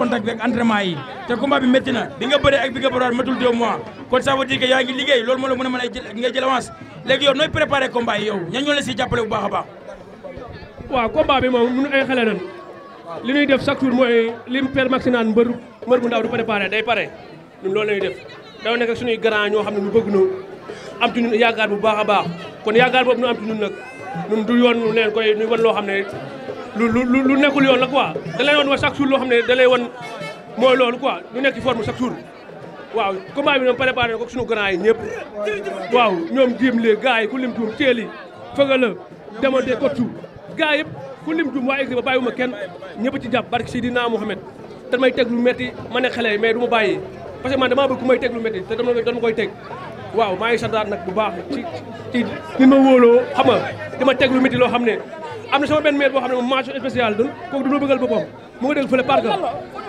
contact bi ak entraînement yi te combat bi métti na bi nga bëree ak bi nga bëriwaat matul deux kon ça veut yaa ngi liggéey loolu moo la mën a mën a nga jël avance léegi yow nooy préparé combat yi yow ñan ñoo la si jàppale bu baax a baax waaw combat bi moom munu ay xale li ñuy def chaque jour mooy li père Maxime naan mbër mbër bu ndaw du préparé day pare ñun loolu la ñuy def dañoo nekk ak suñuy grand ñoo xam ne ñu bëgg ñu am ci ñu yaakaar bu baax a baax kon yaakaar boobu ñu am ci ñun du yoon ñu leen koy ñu loo xam ne lu lu lu nekkul yoon la quoi da lay woon wa chaque jour loo xam ne da lay woon mooy lu quoi ñu nekk ci forme chaque jour waaw combat bi ñoom préparé na ko suñu grand yi ñëpp waaw ñoom jéem lee gars yi ku lim tuum teel yi fëga de demande kottu gars yëpp ku lim tuum waa écrit ba bàyyiwuma kenn ñëpp ci jàpp barke Seydina Mohamed te may teg lu métti ma ne xale mais du ma bàyyi parce que man damaa bëgg ma may teg lu métti te dama ma koy teg waaw maa ngi santaat nag bu baax ci ci ni ma wóoloo xam nga dama teg lu loo xam ne am na sama benn maire boo xam ne moom mention spéciale la kooku du ma bëggal boppam mu nga dégg fële parc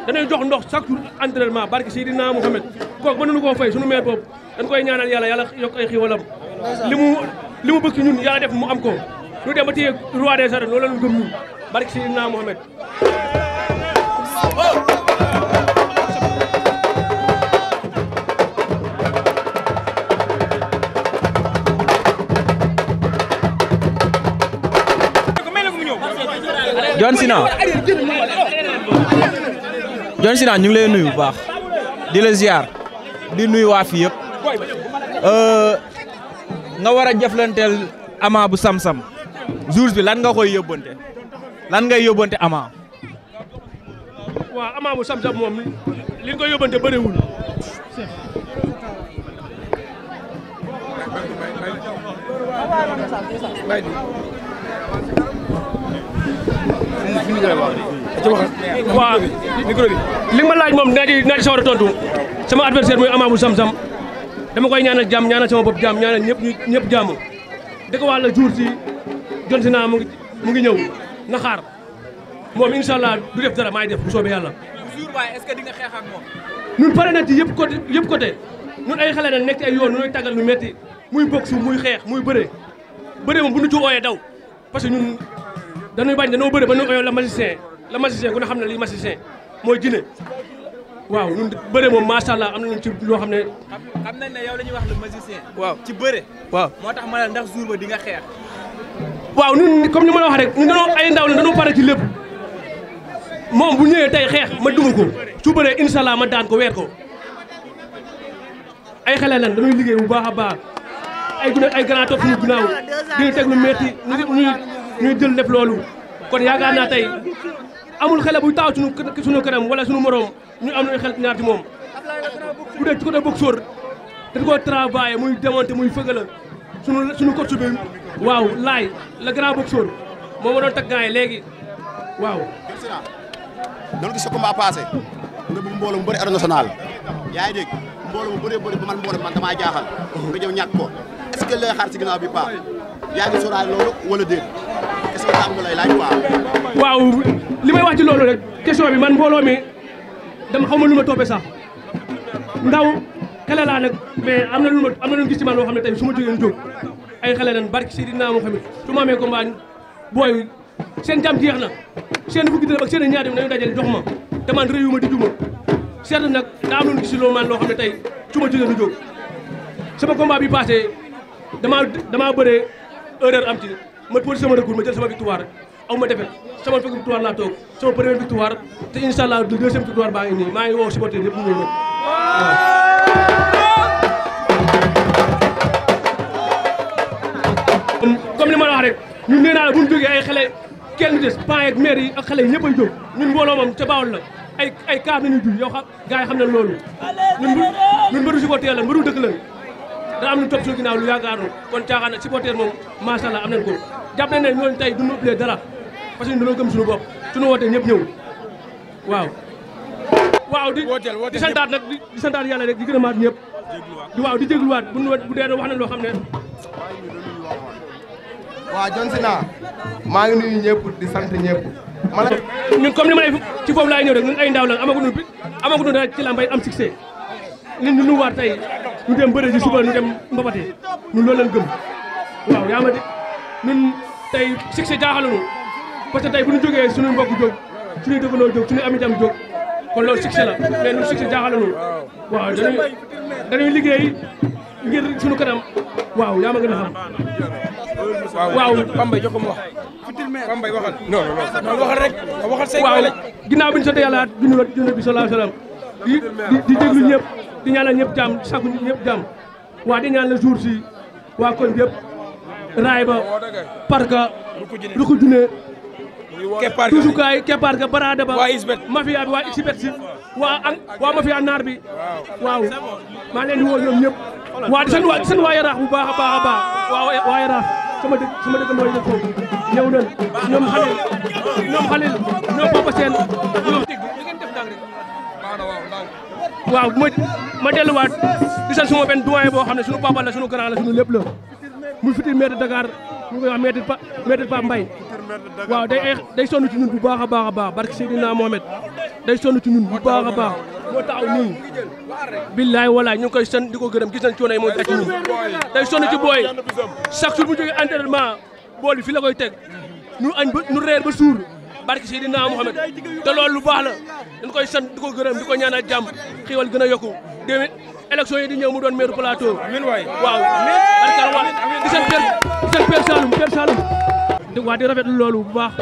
danay jox ndox chaque jour entraînement barke Seydina Mouhamed kooku mën nañu koo fay suñu maire boobu dañ koy ñaanal yàlla yàlla yokk ay xiwalam li mu li mu bëgg ñun yàlla def mu am ko lu dem ba téye roi des arènes loolu la ñu gëm ñun barke Seydina John Sina ñu ngi lay nuyu baax di la di nuyu waa fii yëpp euh, nga war a jëflanteel Ama bu samsam sam jours bi lan nga koy yóbbante lan yóbbante Ama. bu Sam-Sam moom nga yóbbante bëriwul. waaw li ma laaj moom naa ci naa ci sawar a tontu sama adversaire muy Ama Sam Sam dama koy ñaanal jàmm ñaanal sama bopp jàmm ñaanal ñëpp ñëpp jàmm di ko wàll jour si jon si naa mu ngi mu ngi ñëw na xaar moom incha allah du def dara maay def bu soobee yàlla. waaye est-ce xeex ak moom. ñun pare nañ ci yëpp côté yëpp côté ñun ay xale nañ nekk ay yoon ñooy tàggal mu metti muy boxe muy xeex muy bëre bëre moom bu ñu ci ooyee daw parce ñun. dañuy bañ dañoo bëri ba ñu oyoo la magicien la magicien ku ne xam ne lii magicien mooy jinne waaw ñun bëre moom macha am na nañu ci loo xam ne. xam nañ ne yow la ñuy wax le magicien. waaw ci bëre. waaw moo tax ma ne ndax jour ba di nga xeex. waaw ñun comme ni ma la wax rek ñun dañoo ay ndaw la dañoo pare ci lépp moom bu ñëwee tey xeex ma duma ko su bëree incha ma daan ko weer ko ay xale lan dañuy liggéey bu baax a baax ay ay grand topp ñu ginnaaw di teg lu métti ñu ngi ñuy jël def loolu kon yaakaar naa tey amul xele buy taaw suñu suñu kanam wala suñu moroom ñu am luñu xel ñaar ci moom bu dee ci côté boxe sóor dañ koo muy démonté muy fëgala suñu suñu coach bi waaw laay le grand boxeur moo ma doon tag gaay léegi waaw doon gis sa combat passé nga bëgg mbooloo mu bëri arène nationale yaa ngi dégg mbooloo mu ba man mbooloo man damaa jaaxal nga jëw ñàkk ko est-ce bi paa yaa ngi loolu wala déet waaw li may wax ci loolu rek question bi man mbooloo mi dama xaw ma lu ma toppee sax ndaw xale laa am na lu ma am na lu gis loo xam ne tey su ma jógee jóg ay xale lan barki si dinaa moo xam it su ma amee combat booy seen jàmm jeex na seen fukki dërëm ak seen ñaar dem dañu dajale jox ma te man réew ma di juma seetlu nag daa am lu gis loo tey su ma jógee jóg sama combat bi passé damaa damaa bëree am ci man pour sama recours ma jël sama victoire aw ma defet sama fekk victoire laa toog sama première victoire te incha allah du deuxième victoire baa ngi maa ngi woo supporter yëpp ñu ñëw nag comme li ma la wax rek ñun nee naa la bu ñu jógee ay xale kenn des paa yeeg maire yi ak xale yëpp ay jóg ñun mbooloo moom ca Bawol la ay ay kaar nañu juy yow xam gars xam nañ loolu ñun ñun mbëru la mbëru dëkk la da am lu topp suñu ginnaaw lu yaakaaroon kon caaxaan supporter moom macha allah am nañ jàpp nañ ne ñooñu tey du ñu ëpplee dara parce que dañoo gëm suñu bopp suñu wootee ñëpp ñëw waaw. waaw di di santaat nag di santaat yàlla rek di gërëmaat ñëpp di waaw di jégluwaat bu bu wax na loo xam ne. waaw Johnsina maa ngi nuyu ñëpp di sant ñëpp. ma ñun comme ni ma ci foofu laay ñëw rek ñun ay ndaw la amaguñu bi amaguñu dara ci lambay am succès nit ñu nu waar tey ñu dem bëre ji suba ñu dem mbabate ñun loolu lañ gëm waaw yaa ma tey succès jaaxalunu parce que tey bu ñu jógee suñu mbokk jóg suñu dëkkandoo jóg suñu amitam jóg kon loolu succès la mais ñun succès jaaxalunu waaw dañuy dañuy liggéey ngir suñu kanam waaw yaa ma gën a xam. waaw Pambay jox ko mu wax. Pambay waxal. non non waxal rek waxal say. waaw ginnaaw bi ñu sottee yàlla junne la junne bi sallallahu alayhi wa sallam di di déglu ñëpp di ñaanal ñëpp jàmm sakku ñëpp jàmm waa di ñaanal jour si waa koñ yëpp. raay ba parce que lu ko junee keppaar ga toujours kaay keppaar ga baraada ba. waa Isbeth mafia bi waa Isbeth si waa an waa mafia naar bi. waaw maa leen di woo ñoom ñëpp. waa di sant waa Yaraax bu baax a baax a baax waa waa Yaraax sama dëkk sama dëkkandoo yi la foofu ñëw nañ ñoom xalil ñoom xalil ñoom Papa Sène ñoom. waaw ma ma delluwaat di sant suma benn doyen boo xam ne sunu papa la sunu grand sunu lépp la. mu futur maire de Dakar ñu koy wax maître Pa maître Pa Mbaye waaw day day sonn ci ñun bu baax a baax a baax barke Seydina Mohamed day sonn ci ñun bu baax a baax moo taxaw nii billaay walaay ñu ngi koy sant di ko gërëm gis nañ coono yi moom ñun day sonn ci booy chaque jour bu jógee entraînement bool bi koy teg ñu añ ba ñu reer ba suur barke Seydina Mohamed te loolu koy sant di ko gërëm di ko ñaanal jàmm xiiwal gën a yokku déwén élection yi di ñëw mu doon maire plateau waaw tubaarkalla waa di seen père di seen père Saloum père Saloum loolu bu baax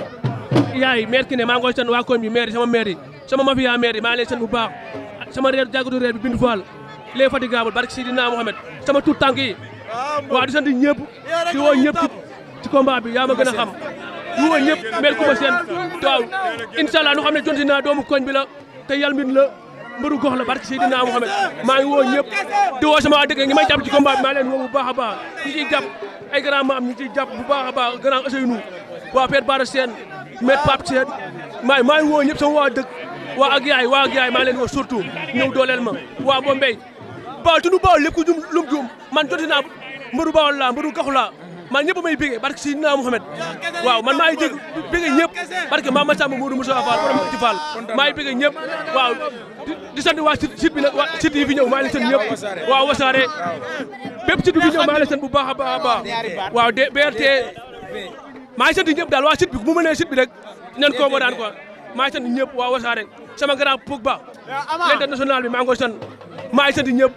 yaay maire ki ne maa ngi koy sant waa koñ bi maire sama maire sama mafia maire maa leen sant bu baax sama reer jàggatu reer bi bindu faal les fatigables barke Sidina Mohamed sama tout tànk yi waa di sant ñëpp di woo ñëpp ci combat bi yaa ma gën a xam di woo ñëpp maire Coumba Sène waaw incha nu xam ne jonti naa doomu koñ bi la te yàlla mbir la mbëru gox la barke Seydina Mohamed maa ngi woo ñëpp di woo sama dëkk ñi may jàpp ci combat maa leen woo bu baax a baax ñi ay grand maam ñi ciy jàpp bu baax a baax grand waa Père Bara Sène Maître Pape Sène maa maa ngi woo ñëpp sama waa dëkk waa ak yaay waa ak yaay maa leen woo surtout ñëw dooleel ma waa Bombay baaw tunu baaw lépp ku jum lum jum man joti naa mbëru baaw laa mbëru gaxu laa man ñëpp may bégee barke si naa waaw man maa ngi jég bégee ñëpp barke Mame Samba Modou Moussa Fall borom ci Fall maa ngi bégee ñëpp waaw di sant waa site bi yi fi ñëw maa ngi sant ñëpp waaw wasaare bépp site bi fi ñëw maa ngi sant bu a a baax waaw de daal waa site bi bu mu bi rek nan koo ma daan quoi maa ngi sant ñëpp waa wasaare sama grand Pogba l'international bi maa ngi koy sant maa ngi sant ñëpp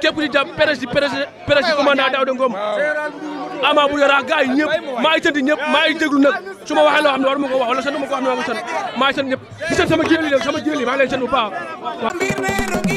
képp ku ci jàpp presse yi presse yi amaa bu Yaraax gars yi maa ngi sant ñëpp maa ngi déglu nag su ma waxee loo xam ne war ma ko wax wala sant ma ko xam ne war ma sant maa ngi sant ñëpp di sant sama jéel yi sama jéel maa ngi leen sant bu baax